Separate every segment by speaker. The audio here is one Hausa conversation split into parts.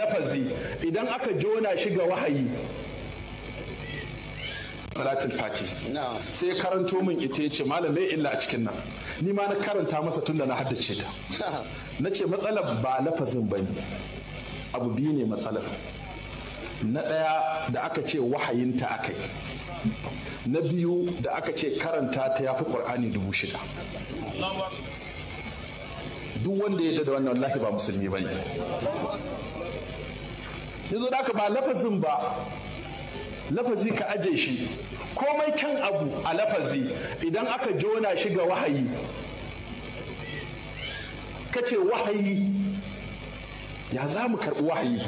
Speaker 1: lafazi idan aka jona shi ga wahayi salatul fati sai karanto min ita yace ce malamai illa a cikin nan ni ma na karanta masa tun da na haddace ta na ce matsalar ba lafazin ba ne abu biyu ne matsalar na ɗaya da aka ce wahayinta aka yi na biyu da aka ce karanta ta ya fi ƙwar'ani dubu shida duk wanda ya da wannan wallahi ba musulmi ba ne yanzu da ka ba lafazin ba lafazi ka aje shi komai kyan abu a lafazi idan aka jona shi ga wahayi ka ce wahayi ya za mu karɓi wahayi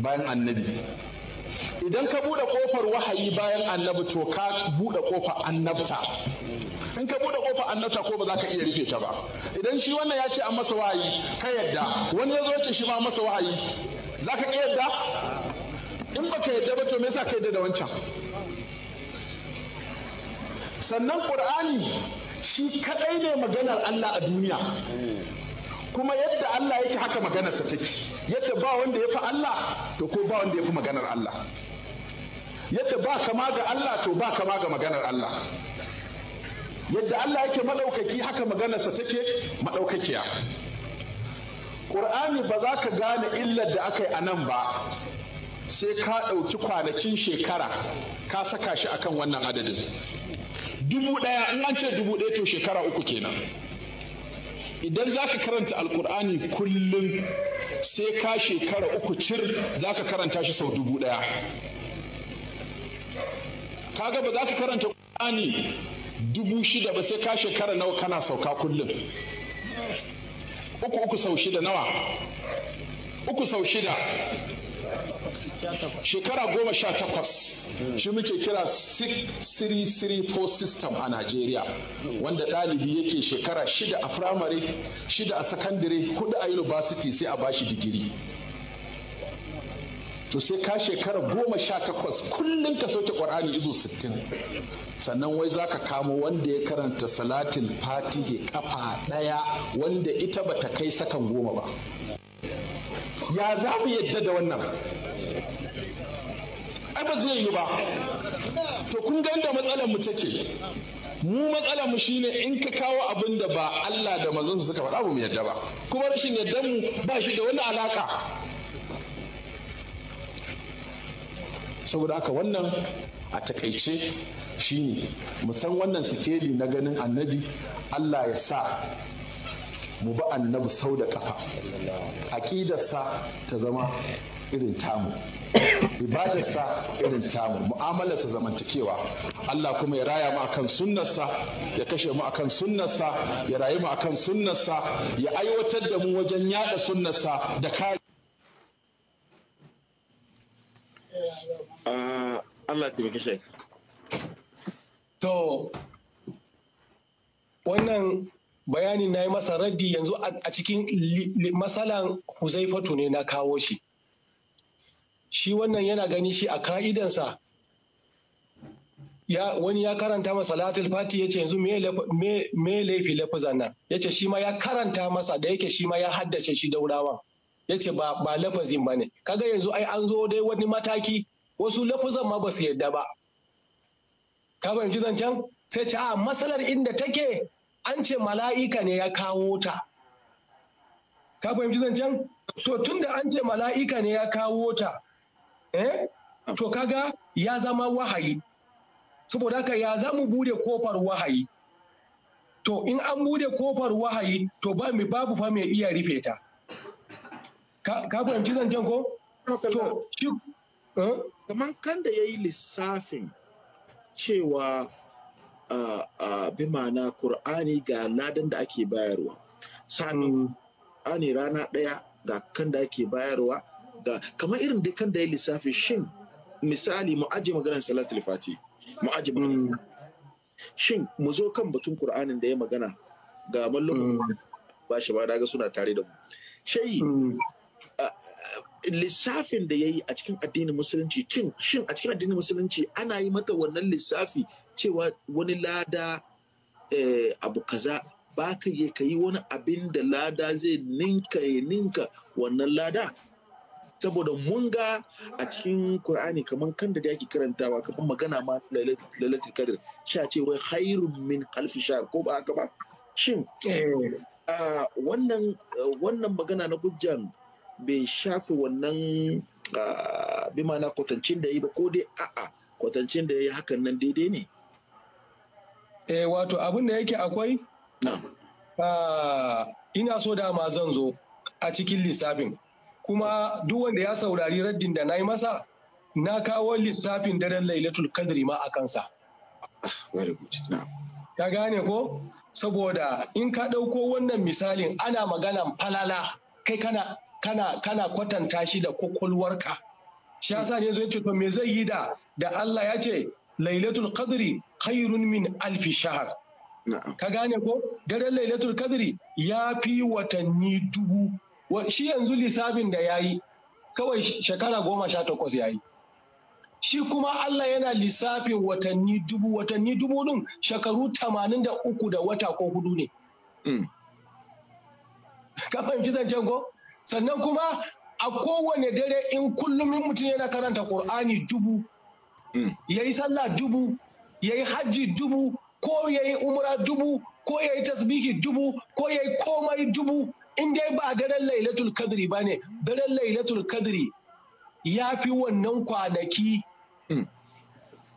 Speaker 1: bayan annabi idan ka buɗe ƙofar wahayi bayan annabi to ka buɗe ƙofar annabta in ka buɗe ƙofar annabta ko ba za ka iya rufe ta ba idan shi wannan ya ce a masa wahayi ka yadda wani ya zo ce shi ma masa wahayi za ka iya yadda in baka yadda ba to me yasa ka yadda da wancan sannan ƙur'ani shi kaɗai ne maganar Allah a duniya kuma yadda Allah yake haka maganarsa take yadda ba wanda ya fi Allah to ko ba wanda ya fi maganar Allah yadda ba kama ga Allah to ba kama ga maganar Allah yadda Allah yake maɗaukaki haka maganarsa take maɗaukakiya ƙur'ani ba za ka gane illar da aka yi a nan ba sai ka ɗauki kwanakin shekara ka saka shi akan wannan adadin dubu ɗaya in an ce dubu ɗaya to shekara uku kenan idan za ka karanta alkur'ani kullum sai ka shekara uku cir za ka karanta shi sau dubu ɗaya kaga ba za ka karanta ƙur'ani dubu shida ba sai ka shekara nawa kana sauka kullum uku uku sau shida nawa uku sau shida shekara goma sha takwas shi muke kira 6334 system a nigeria wanda ɗalibi yake shekara shida a firamare shida a sakandare hudu a university sai a bashi digiri to sai ka shekara goma sha takwas kullum ka sauke ƙwar'ani izo sittin sannan wai zaka kamo wanda ya karanta salatin fati fatihi kafa ɗaya wanda ita bata kai sakan goma ba ya za mu yadda da wannan ai ba zai yi ba to kun ga inda matsalar mu take mu matsalar mu shine in ka kawo abin da ba Allah da manzon suka faɗa mu yadda ba kuma rashin yaddan mu ba shi da wani alaka saboda haka wannan a takaice shi ne musan wannan sikeli na ganin annabi Allah ya sa mu ba annabi sau da kafa aƙidarsa ta zama irin tamu ibadarsa irin tamu mu'amalarsa zamantakewa Allah kuma ya raya mu akan sunnarsa ya kashe mu akan sunnarsa ya rayu mu akan sunnarsa ya aiwatar da mu wajen yada sunnarsa da kare
Speaker 2: ah, Allah ta bi
Speaker 3: To, wannan bayanin na yi masa raddi yanzu a cikin matsalan huzaifatu ne na kawo shi. Shi wannan yana gani shi a ka'idansa ya wani ya karanta masa latin fati ya ce yanzu me laifi lafazan nan ce shi ma ya karanta masa da yake shi ma ya haddace shi daurawan yace ba ba lafazin ne kaga yanzu ai an zo dai wani mataki wasu lafazan ma ba su yadda ba ka fahimci zancen sai ce a matsalar inda take an ce mala'ika ne ya kawo ta ka fahimci zancen to tun da an ce mala'ika ne ya kawo ta eh to kaga ya zama wahayi saboda haka ya zamu bude kofar wahayi to in an bude kofar wahayi to ba mi babu fa mai iya rufe ta ka fahimci zancen ko to shi eh? kaman kan da yayi lissafin
Speaker 2: cewa uh, uh, bi ma'ana Kur'ani ga ladan da ake bayarwa. sani mm. ani rana ɗaya ga kan da ake bayarwa ga kamar irin da kan da ya lissafi shin misali mu aje maganar salatul fati mu aje mm. shin mu zo kan batun Kur'anin da ya magana ga mallum? Mm. ba shi ba daga suna tare da mu. Shayi lissafin da ya yi a cikin addinin musulunci cin shin a cikin addinin musulunci ana yi mata wannan lissafi cewa wani lada eh, abu kaza ba ka yi ka yi wani abin da lada zai ninka ya ninka wannan lada saboda mun ga a cikin Kur'ani kamar kan da yake karantawa kamar magana ma lalatul kadir sha ce wai hairun min alfi ko ba haka ba shin eh. ah, eh, wannan magana na gujjan bai shafe wannan ah, bi mana kwatancin da ya yi ba ko dai a'a kwatancin da ya yi hakan nan daidai
Speaker 3: ne eh wato abin da yake akwai ah, ina so dama zan zo a cikin lissafin kuma duk wanda ya saurari raddin da na yi masa na kawo lissafin daren lailatul kadri ma a kansa
Speaker 4: ah,
Speaker 3: ka gane ko saboda in ka ɗauko wannan misalin ana maganan falala kai kana kana kwatanta shi da kokolwarka shi yasa ne zo ce to me zai yi da da Allah ya ce lailatul qadri khairun min alfi shahar. ka gane ko daren lailatul qadri ya fi watanni dubu shi yanzu lissafin da yayi kawai shekara goma sha takwas yayi shi kuma Allah yana lissafin watanni dubu watanni dubu din shekaru tamanin da uku da wata ko hudu ne mm. ka fahimci zancen ko sannan kuma a kowane dare in kullum mutum yana karanta qur'ani dubu hmm. yayi sallah dubu yayi hajji dubu ko yayi umra dubu ko yayi tasbihi dubu ko yayi komai dubu in dai ba daren lailatul kadri ba ne daren lailatul kadri ya fi wannan kwanaki hmm.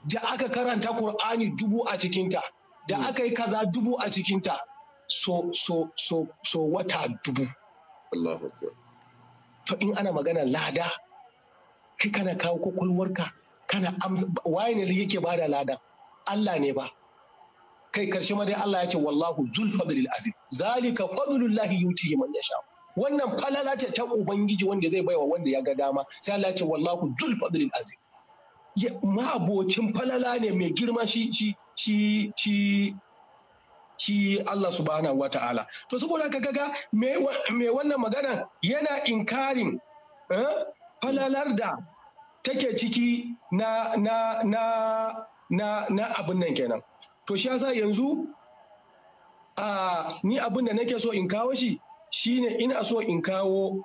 Speaker 3: da aka karanta Kur'ani dubu a cikinta da hmm. aka yi kaza dubu a cikinta so so so so wata dubu Allahu to in ana magana lada kai kana kawo kwakwalwarka kana waye ne yake bada lada Allah ne ba kai karshe ma dai Allah ya ce wallahu zul fadlil azim zalika fadlullahi yutihi man yasha wannan falala ce ta ubangiji wanda zai baiwa wanda ya ga dama sai Allah ya ce wallahu zul fadlil azim ma'abocin falala ne mai girma shi shi shi shi shi Allah subhanahu wa ta'ala to saboda ka gaga me wannan magana yana inkarin eh, falalar da take ciki na abin nan kenan to shi yasa yanzu a ni abin da nake so in kawo shi shine ina so in kawo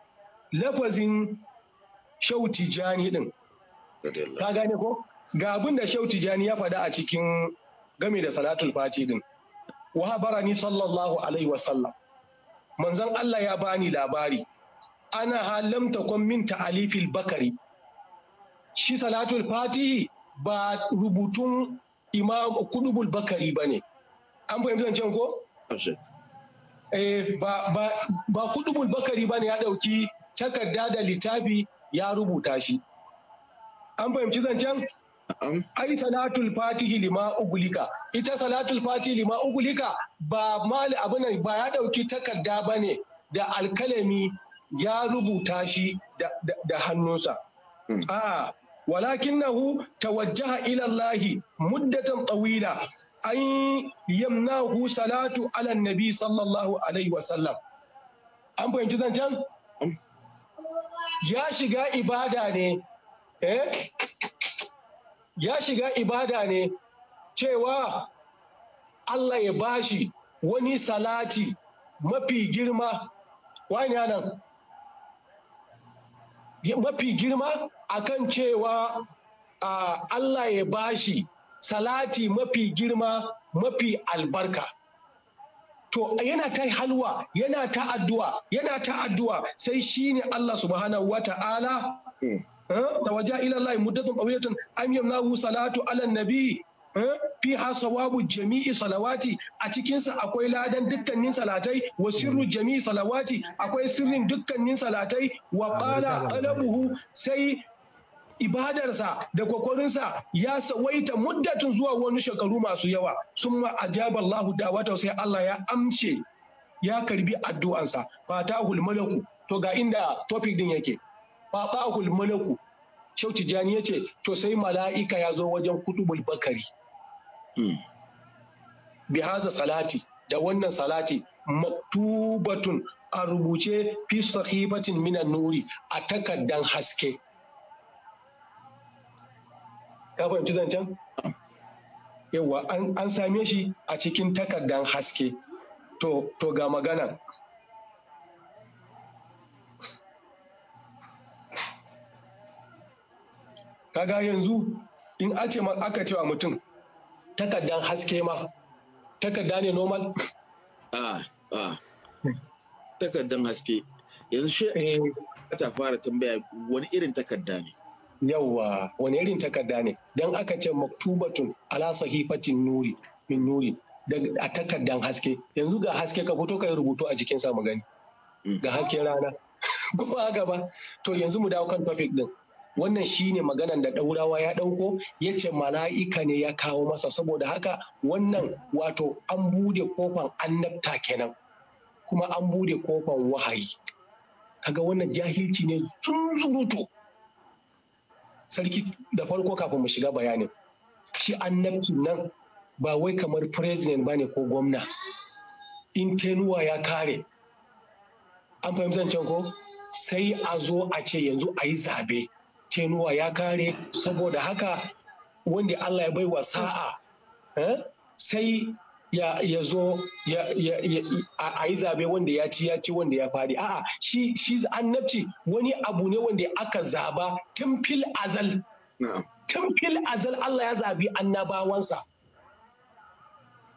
Speaker 3: lafazin shauti jani din ka gane ko ga abin da shauti jani ya faɗa a cikin game da salatul fati din wahabarani sallallahu alaihi wasallam manzon Allah ya bani labari ana halam kwan min ta'alifil bakari shi salatul fatihi ba rubutun imam kudubul bakari bane an fahimci can ko eh ba ba ba kudubul bakari bane ya dauki takarda da littafi ya rubuta shi an fahimci zancen ai salatul fatihi lima ugulika ita salatul fatihi lima ugulika ba mal abin ba ya dauki takarda ba ne da alkalami ya rubuta shi da hannunsa hmm. a'a nahu tawajjaha ila Allah muddatan tsawila, an yamnahu salatu ala nabi sallallahu alaihi wasallam an fahimci zancen hmm. ya shiga ibada ne eh ya shiga ibada ne cewa Allah ya bashi wani salati mafi girma wani nan mafi girma akan cewa Allah ya bashi salati mafi girma mafi albarka to yana ta halwa yana ta addu'a yana ta addu'a sai shine Allah subhanahu wa ta'ala hmm. da waja ila Allah muddatun qawiyatan am yamnahu salatu ala nabi fi ha sawabu jami'i salawati a cikinsa akwai ladan dukkanin salatai wa sirru hmm. jami'i salawati akwai sirrin dukkanin salatai wa qala talabuhu sai ibadarsa da kwakwarinsa ya sawaita muddatun zuwa wani shekaru masu yawa Su ma ajaba Allahu dawata sai Allah ya amshe ya karbi addu'ansa Fatahul malaku to ga inda topic din yake fatahul malaku Shehu tijani ya ce to sai mala'ika ya zo wajen kutubul bakari hmm. bihaza salati da wannan salati maktubatun a rubuce fi sahibatin minan nuri a takardan haske ka fahimci zancen yawa an same shi a cikin takardan haske to ga magana kaga yanzu in ace aka cewa mutum takardan haske ma takarda ne normal
Speaker 2: a a ah, ah. takardan haske yanzu shi ta eh. fara tambaya wani irin
Speaker 3: takarda ne yawwa wani irin takarda ne dan aka ce maktubatun ala sahifatin nuri min nuri a takardan haske yanzu ga haske ka fito kai rubutu a jikin sa gani mm. ga hasken rana kuma haka ba to yanzu mu dawo kan topic din wannan shine maganan da ɗaurawa ya ɗauko ya ce mala'ika ne ya kawo masa saboda haka wannan wato an bude kofan annabta kenan kuma an bude kofan wahayi kaga wannan jahilci ne tun zubutu sarki da farko kafin mu shiga bayani. shi annabcin nan ba wai kamar president ba ne ko gwamna in tenuwa ya kare an fahimci ko sai a zo a ce yanzu a yi zabe cenuwa ya kare saboda haka wanda Allah ya baiwa sa'a eh, sai ya zo a yi zabe wanda ya ci ya ci wanda ya fadi a'a shi shi annabci wani abu ne wanda aka zaba tun fil azal tun fil azal Allah ya zabi annabawansa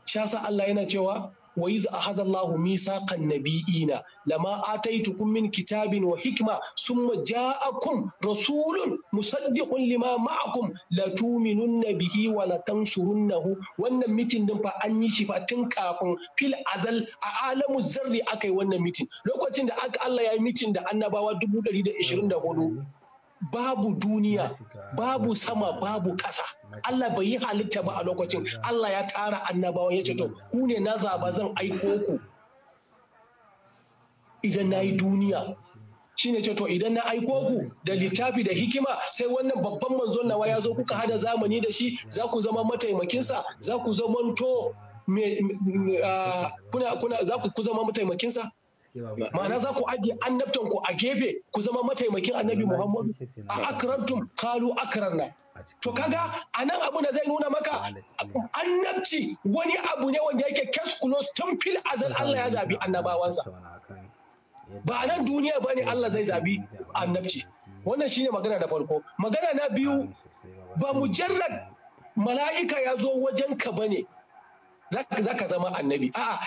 Speaker 3: shasa Allah yana cewa wa iz ahadallahu misaqan nabiyina lama ataitukum min kitabin wa hikma summa ja'akum rasulun musaddiqun lima ma'akum la tu'minunna bihi wa la tansurunnahu wannan mitin din fa an yi shi fa tun kafin fil azal a alamu zarri yi wannan mitin lokacin da aka Allah ya yi mitin da annabawa dubu 124 babu duniya babu sama babu ƙasa Allah bai yi halitta ba a lokacin Allah ya tara annabawan ya ce to ku ne na zaba zan aiko ku idan na yi duniya shine ce to idan na aiko ku da littafi da hikima sai wannan babban manzon nawa ya zo kuka hada zamani da shi za ku zama mataimakinsa za ku zamanto za ku zama mataimakinsa ma'ana za ku ajiye annabtan ku a gefe ku zama mataimakin annabi muhammadu a akrantum kalu akrarna to kaga anan abu da zai nuna maka annabci wani abu ne wanda yake case close tun fil azal Allah ya zabi annabawansa ba nan duniya ba ne Allah zai zabi annabci wannan shine magana da farko magana na biyu ba mujallar mala'ika ya zo wajen ka bane ne za ka zama annabi a'a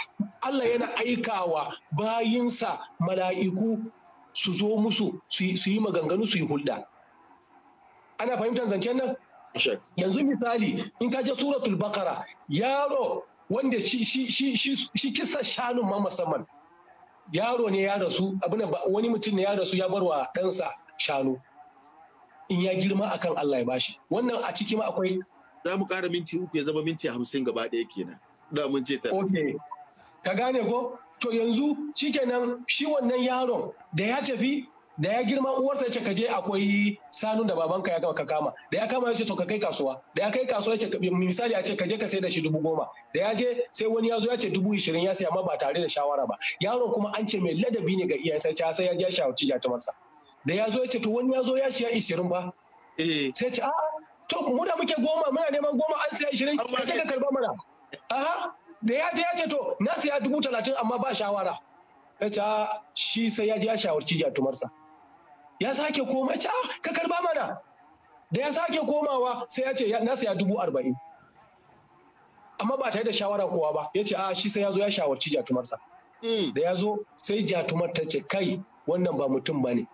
Speaker 3: Allah yana aikawa bayinsa mala'iku su zo musu su yi maganganu su yi hulɗa ana fahimtar zancen nan yanzu misali in ka je suratul bakara yaro wanda shi kisa shanun ma musamman yaro ne ya rasu wani mutum ne ya rasu ya barwa ɗansa shanu in ya girma akan Allah ya bashi wannan a ciki ma akwai za mu ƙara minti uku ya zama minti
Speaker 2: hamsin gaba ɗaya kenan da mun ce ta
Speaker 3: okay ka gane ko to yanzu shikenan shi wannan yaron da ya tafi da ya girma uwarsa ce ka je akwai sanun da babanka ya ka kama da ya kama ya ce to ka kai kasuwa da ya kai kasuwa ya ce misali a ce ka je ka sai da shi dubu goma da ya je sai wani ya zo ya ce dubu ishirin ya sai amma ba tare da shawara ba yaron kuma an ce mai ladabi ne ga iyayen ce sai ya ja shawarci jatumarsa da ya zo ya ce to wani ya zo ya shiya ishirin ba eh. sai ce a'a to mu da muke goma muna neman goma an sai ishirin ka ce ka karba mana aha da ya je ya ce to na siya dubu talatin amma ba shawara ya ce shi sai ya je ya shawarci jatumarsa ya sake koma ya ce ka karba mana da ya sake komawa sai ya ce na siya dubu arba'in amma ba tare da shawara kowa ba ya ce a shi sai ya zo ya shawarci jatumarsa hmm. da ya zo sai jatumar ta ce kai wannan ba mutum ba ne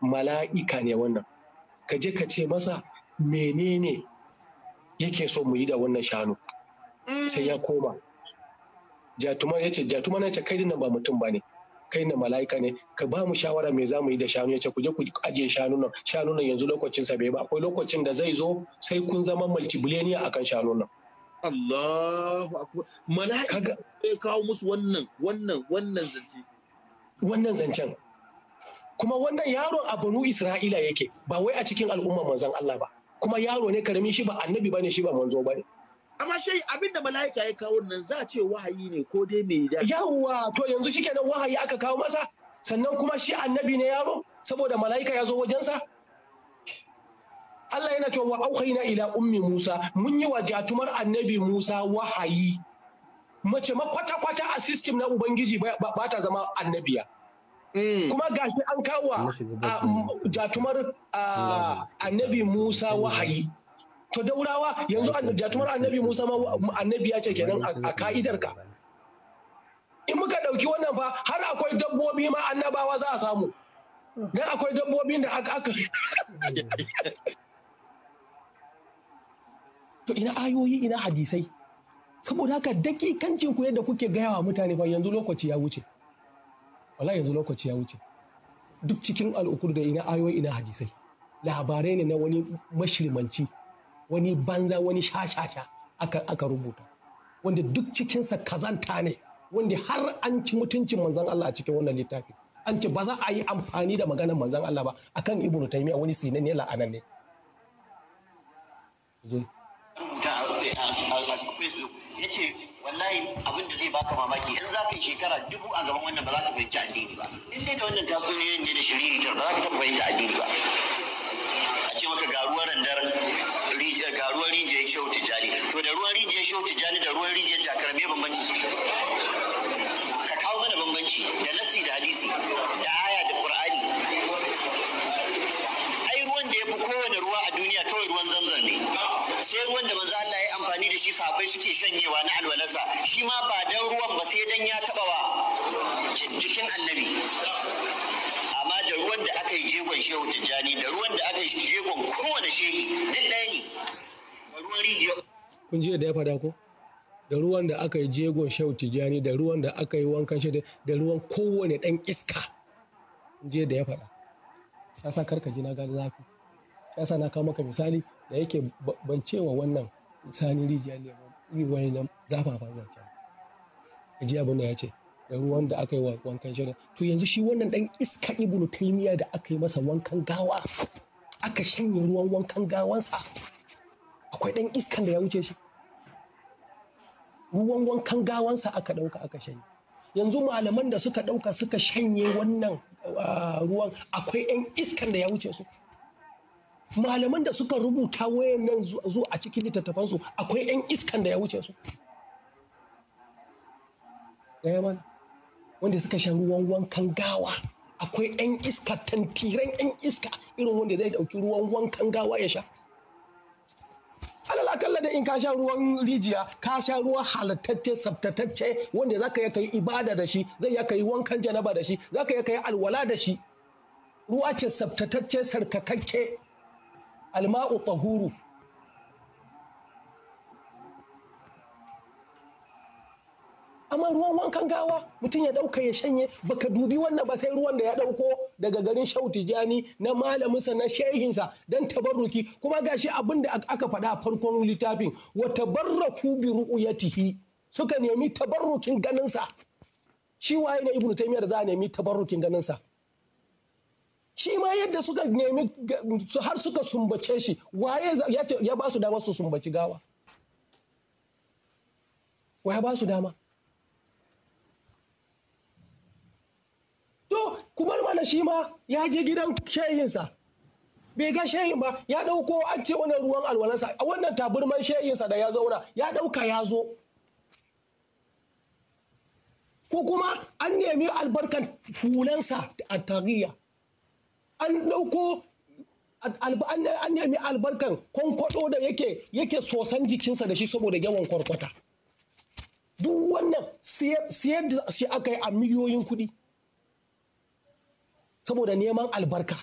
Speaker 3: mala'ika ne wannan ka je ka ce masa menene yake so mu yi da wannan shanu sai ya koma jatuma ya ce jatuma na ce kai nan ba mutum ba ne kai na mala'ika ne ka ba mu shawara me za mu yi da shanu ya ce ku je ku ajiye shanu nan shanu nan yanzu lokacin sa bai ba akwai lokacin da zai zo sai kun zama a akan shanu nan Allahu akbar mala'ika ya kawo musu wannan wannan wannan zance wannan zancen kuma wannan yaron a banu Isra'ila yake ba wai a cikin al'umma manzon Allah ba kuma yaro ne karami shi ba annabi bane shi ba manzo bane amma shi abin da mala'ika ya kawo nan za a ce wahayi ne ko dai mai da Yawa! to yanzu shi kenan wahayi aka kawo masa sannan kuma shi annabi ne yaro saboda mala'ika ya zo wajensa Allah yana cewa auhayna ila ummi Musa mun yi wa jatumar annabi Musa wahayi mace ma kwata-kwata a system na ubangiji ba ta zama annabiya mm. kuma gashi an kawo jatumar annabi Musa wahayi to daurawa yanzu jatumar annabi musa ma annabi ya ce kenan a ka'idar ka in muka ɗauki wannan fa har akwai dabbobi ma annabawa za a samu dan akwai dabbobi da aka aka to ina ayoyi ina hadisai saboda haka dakikancin ku yadda kuke gaya wa mutane fa yanzu lokaci ya wuce wallahi yanzu lokaci ya wuce duk cikin al'ukur da ina ayoyi ina hadisai labarai ne na wani mashirmanci wani banza wani shashasha aka, aka rubuta wanda duk cikinsa kazanta ne wanda har an ci mutuncin manzan Allah a cikin wannan littafi an ci ba za a yi amfani da maganar manzan Allah ba akan ibnu taymiya wani sinan ne la'anan ne
Speaker 4: yace wallahi abin da zai baka mamaki in za ka yi shekara dubu a gaban wannan ba za ka fahimci addini ba in dai da wannan tatsuniyoyin ne da shiriri ba za ka taɓa fahimci addini ba a ce maka garuwar randar ga ruwan rijiyar shehu tijani to da ruwan rijiyar shehu tijani da ruwan rijiyar jakar me bambanci su ka kawo mana bambanci da nasi da hadisi da aya da qur'ani ai ruwan da ya fi kowane ruwa a duniya kawai ruwan zamzam ne sai ruwan da manzo Allah ya amfani da shi sahabbai suke shanyewa na alwalarsa shi ma ba dan ruwan ba sai dan ya taba wa jikin annabi amma da ruwan da aka yi jegon shehu tijjani da ruwan da aka yi jegon kowane shehi duk ɗaya ne
Speaker 3: kun ji da ya fada ko da ruwan da aka yi jegon shau tijani da ruwan da aka yi wankan shida da ruwan kowane dan iska kun ji da ya fada ya sa karka ji na gani zafi ya sa na kawo maka misali da yake ban cewa wannan sani rijiya ne ni wani nan zafafan zancen ji abin da ya ce da ruwan da aka yi wankan shida to yanzu shi wannan dan iska ibnu taymiya da aka yi masa wankan gawa aka shanye ruwan wankan gawansa akwai ɗan iskan da ya wuce shi ruwan wankan gawansa aka ɗauka aka shanye yanzu malaman da suka ɗauka suka shanye wannan ah, ruwan akwai 'yan iskan da ya wuce su malaman da suka rubuta wayan nan zuwa a cikin littattafansu akwai 'yan iskan da ya wuce su wanda suka shan ruwan wankan gawa akwai 'yan iska tantiran 'yan iska irin wanda zai ɗauki ruwan wankan gawa ya sha alal akalla da in ka sha ruwan rijiya ka sha ruwa halattacce sabtatacce wanda zaka ka yi ibada da shi zai yaka yi wankan janaba da shi zaka iya kai alwala da shi ruwa ce sabtatacce sarkakakke alma'u tahuru amma ruwan wankan gawa mutum ya dauka ya shanye baka dubi wannan ba sai ruwan da ya dauko daga garin shauti jani na malaminsa na shehinsa don tabarruki kuma gashi abin da aka faɗa a farkon littafin wa tabarraku bi tihi suka nemi tabarrukin ganinsa shi waye na ibnu taymiyyah za a nemi tabarrukin ganinsa shi ma yadda suka nemi har suka sumbace shi waye ya ba su dama su sumbaci gawa waye ba su dama to ku shi ma ya je gidan shehinsa bai ga shehin ba ya dauko an ce wannan ruwan alwalansa a wannan taburman shehinsa da ya zauna ya dauka ya zo ko kuma an nemi albarkan hulansa a tariya an dauko an nemi albarkan kwankwado da yake yake sosan jikinsa da shi saboda yawan kwarkwata duk wannan siyar da shi aka yi a miliyoyin kuɗi saboda neman albarka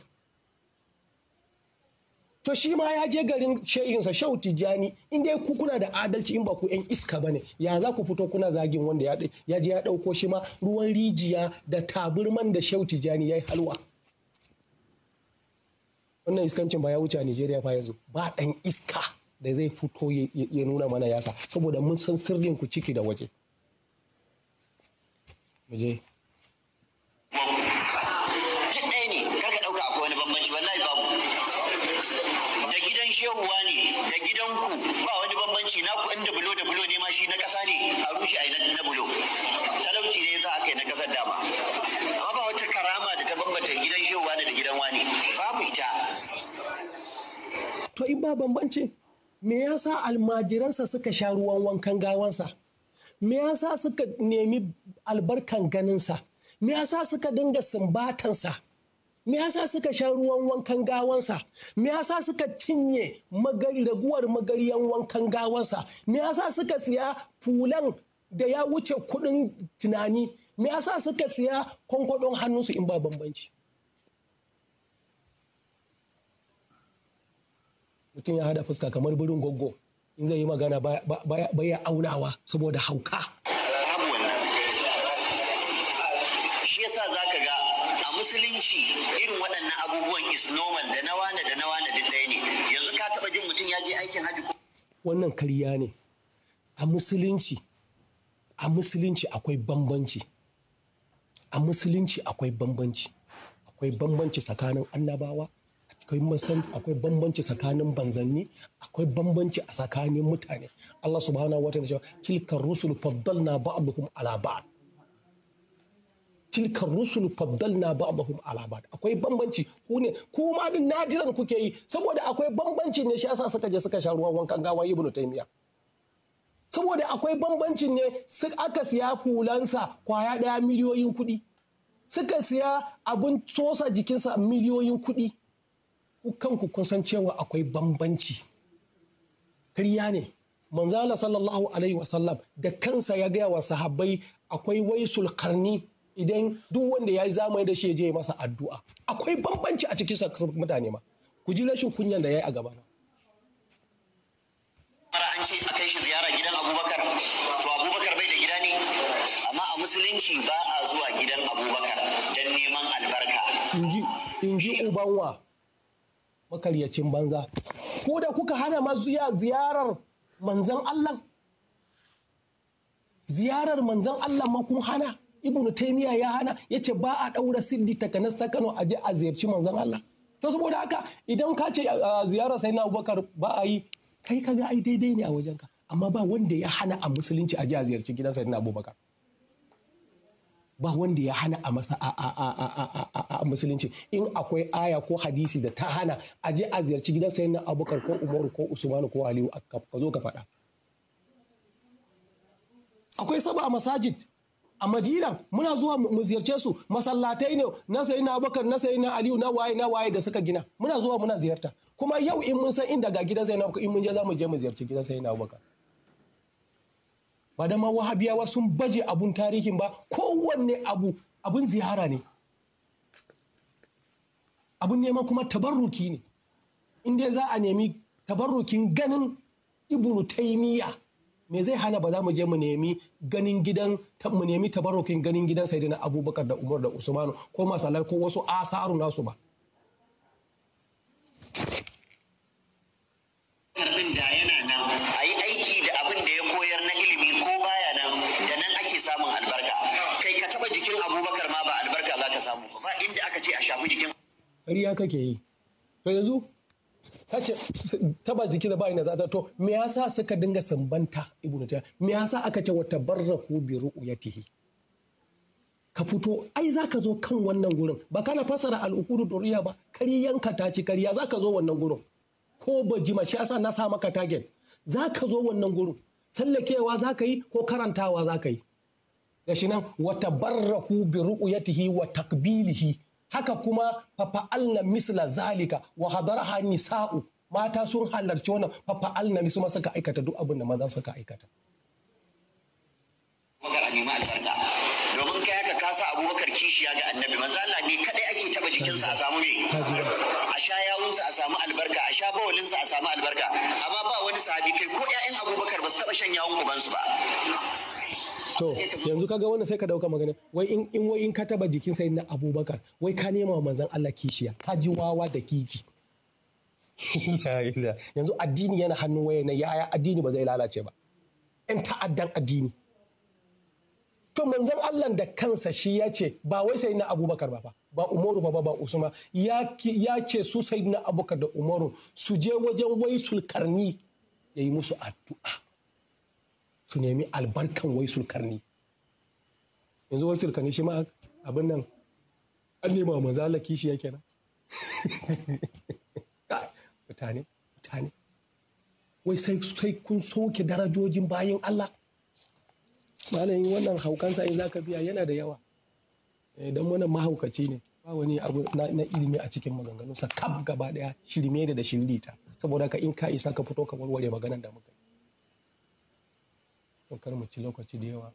Speaker 3: to shi ma ya je garin shehinsa shau tijjani inda dai ku kuna da adalci in ba ku yan iska bane ya za ku fito kuna zagin wanda ya je ya ɗauko shi ma ruwan rijiya da taburman da shau tijjani ya yi halwa wannan iskancin ba ya wuce a Nigeria fa yanzu ba ɗan iska da zai fito ya nuna mana yasa saboda mun san sirrin ku ciki da waje.
Speaker 4: gidan wani babu ita
Speaker 3: to in ba bambanci me yasa almajiransa suka sha ruwan wankan gawansa me yasa suka nemi albarkan ganinsa me yasa suka dinga sumbatansa me yasa suka sha ruwan wankan gawansa me yasa suka cinye magari raguwar magariyan wankan gawansa me yasa suka siya fulan da ya wuce kudin tunani me yasa suka siya kwankwadon hannunsu in ba bambanci mutum ya hada fuska kamar birin goggo in zai yi magana baya aunawa saboda hauka
Speaker 4: shi yasa zaka ga a musulunci irin waɗannan abubuwan is normal da na wane da na wane da ɗaya ne yanzu ka taɓa jin mutum ya je aikin haji
Speaker 3: wannan karya ne a musulunci a musulunci akwai bambanci a musulunci akwai bambanci akwai bambanci tsakanin annabawa akwai masan akwai bambanci tsakanin banzanni akwai bambanci a tsakanin mutane Allah subhanahu wa ta'ala tilka rusul faddalna ba'dhum ala ba'd tilka rusul faddalna ba'dhum ala ba'd akwai bambanci ku ne ku ma din nadiran kuke yi saboda akwai bambanci ne shi yasa suka je suka sha ruwan wankan gawan ibnu taymiya saboda akwai bambancin ne su aka siya fulansa kwaya daya miliyoyin kuɗi suka siya abin sosa jikinsa miliyoyin kuɗi ku kanku kun san cewa akwai bambanci karya ne manzala sallallahu alaihi wasallam da kansa ya gaya wa sahabbai akwai wai sulkarni idan duk wanda ya yi zamani da shi ya je masa addu'a akwai bambanci a cikin mutane ma ku ji rashin kunyan da ya yi a gaba an
Speaker 4: ce a kai shi ziyara gidan abubakar to abubakar bai da gida ne amma a musulunci ba a zuwa gidan abubakar don neman albarka
Speaker 3: in ji ubanwa makaryacin banza ko da kuka hana ma ziyarar manzan Allah ziyarar manzan Allah ma kun hana ibnu taimiyya ya hana ya ce ba a ɗaura siddi takanas ta kano a a ziyarci manzan Allah to saboda haka idan ka ce ziyarar sai na abubakar ba a yi kai kaga ai daidai ne a wajenka amma ba wanda ya hana a musulunci a ji a ziyarci gidan sai na abubakar ba wanda ya hana a masa a musulunci in akwai aya ko hadisi da ta hana a je a ziyarci gidan sayan na abubakar ko umaru ko usmanu ko aliyu ka zo ka faɗa akwai saba a masajid a madina muna zuwa mu ziyarce su masallatai ne na sayi na abubakar na sayi na aliyu na waye na waye da suka gina muna zuwa muna ziyarta kuma yau in mun san inda ga gidan sayi na abubakar in mun je za mu je mu ziyarci gidan sayi na abubakar ba da ma wahabiyawa sun baje abun tarihin ba kowanne abu abun ziyara ne abun neman kuma tabarruki ne inda za a nemi tabarrukin ganin ibnu taimiyya me zai hana ba za mu je mu nemi ganin gidan mu nemi tabarrukin ganin gidan sayyidina abubakar da umar da usmanu ko masalar ko wasu asaru nasu ba ƙarya kake yi to yanzu ta ce taba jiki da ba ina zata to me yasa suka dinga sambanta ibnu me yasa aka ce wata barraku bi ru'yatihi ka fito ai zaka zo kan wannan gurin ba kana fasara al'ukudu riya ba karyanka ta ci karya zaka zo wannan gurin ko ba ma shi yasa na sa maka target zaka zo wannan gurin sallakewa zaka yi ko karantawa zaka yi gashi nan wata barraku bi ru'yatihi wa takbilihi haka kuma fa'alna misla zalika wa hadaraha nisa'u mata sun halarci wannan fa'alna misu ma suka aikata duk abin da maza suka aikata
Speaker 4: domin kai haka ka sa abubakar kishiya ga annabi manzo Allah ne kadai ake taba jikinsa a samu me a sha yawunsa a samu albarka a sha bawalinsa a samu albarka amma ba wani sahabi kai ko ƴaƴan abubakar ba su taba shan yawun ubansu
Speaker 3: ba to yanzu kaga wannan sai ka dauka magana wai in in wai in ka taba jikin sai na Abubakar wai ka nema wa manzon Allah kishiya ka ji wawa da kiki yanzu addini yana hannun waya na yaya addini ba zai lalace ba in ta'addan addini to manzon Allah da kansa shi ya ce ba wai sai na Abubakar ba fa ba Umaru ba ba Usman ya ce su sai na Abubakar da Umaru su je wajen waisul karni yayi musu addu'a su nemi albarkan wai karni yanzu waisul sulkarni shi ma abin nan an nema wa manzo yake nan mutane mutane wai sai sai kun soke darajojin bayan Allah malami wannan haukansa in zaka biya yana da yawa idan eh, wannan mahaukaci ne ba wani abu na ilimi a cikin maganganunsa kaf gaba daya shirme da da shirlita saboda ka in ka isa ka fito ka warware maganar da muka kar mu ci lokaci da yawa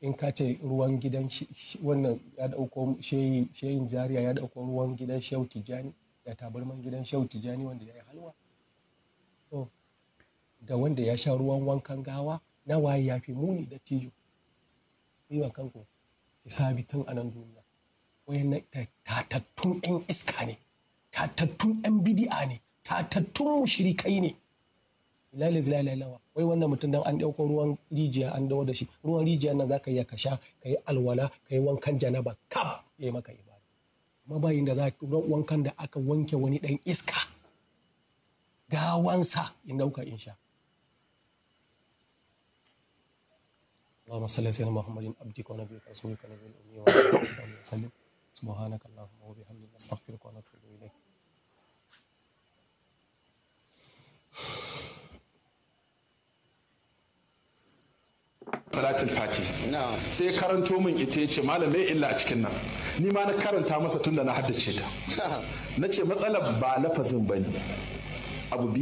Speaker 3: in ka ce ruwan gidan wannan ya dauko shehin zaria ya dauko ruwan gidan shehu tijjani da tabarman gidan shehu tijjani wanda ya yi halwa to da wanda ya sha ruwan wankan gawa na waye ya fi muni da tijo yi wa kanku hisabi tun a nan duniya wayannan tatattun yan iska ne tatattun yan bidi'a ne tatattun mushirikai ne ilali zilali lawa wai wannan mutum dan an ɗauko ruwan rijiya an dawo da shi ruwan rijiya nan zaka iya ka sha ka yi alwala ka yi wankan janaba kaf ya yi maka ibada amma ba da za wankan da aka wanke wani dan iska gawansa in ɗauka in sha اللهم صل على سيدنا محمد عبدك ونبيك ورسولك نبي الأمي وعلى آله وصحبه وسلم سبحانك اللهم وبحمدك نستغفرك ونتوب إليك
Speaker 1: salatul fati sai ya karanto min ita ya ce malam mai illa a cikin nan ni ma na karanta masa tun da na haddace ta na ce matsalar ba lafazin ba ne abu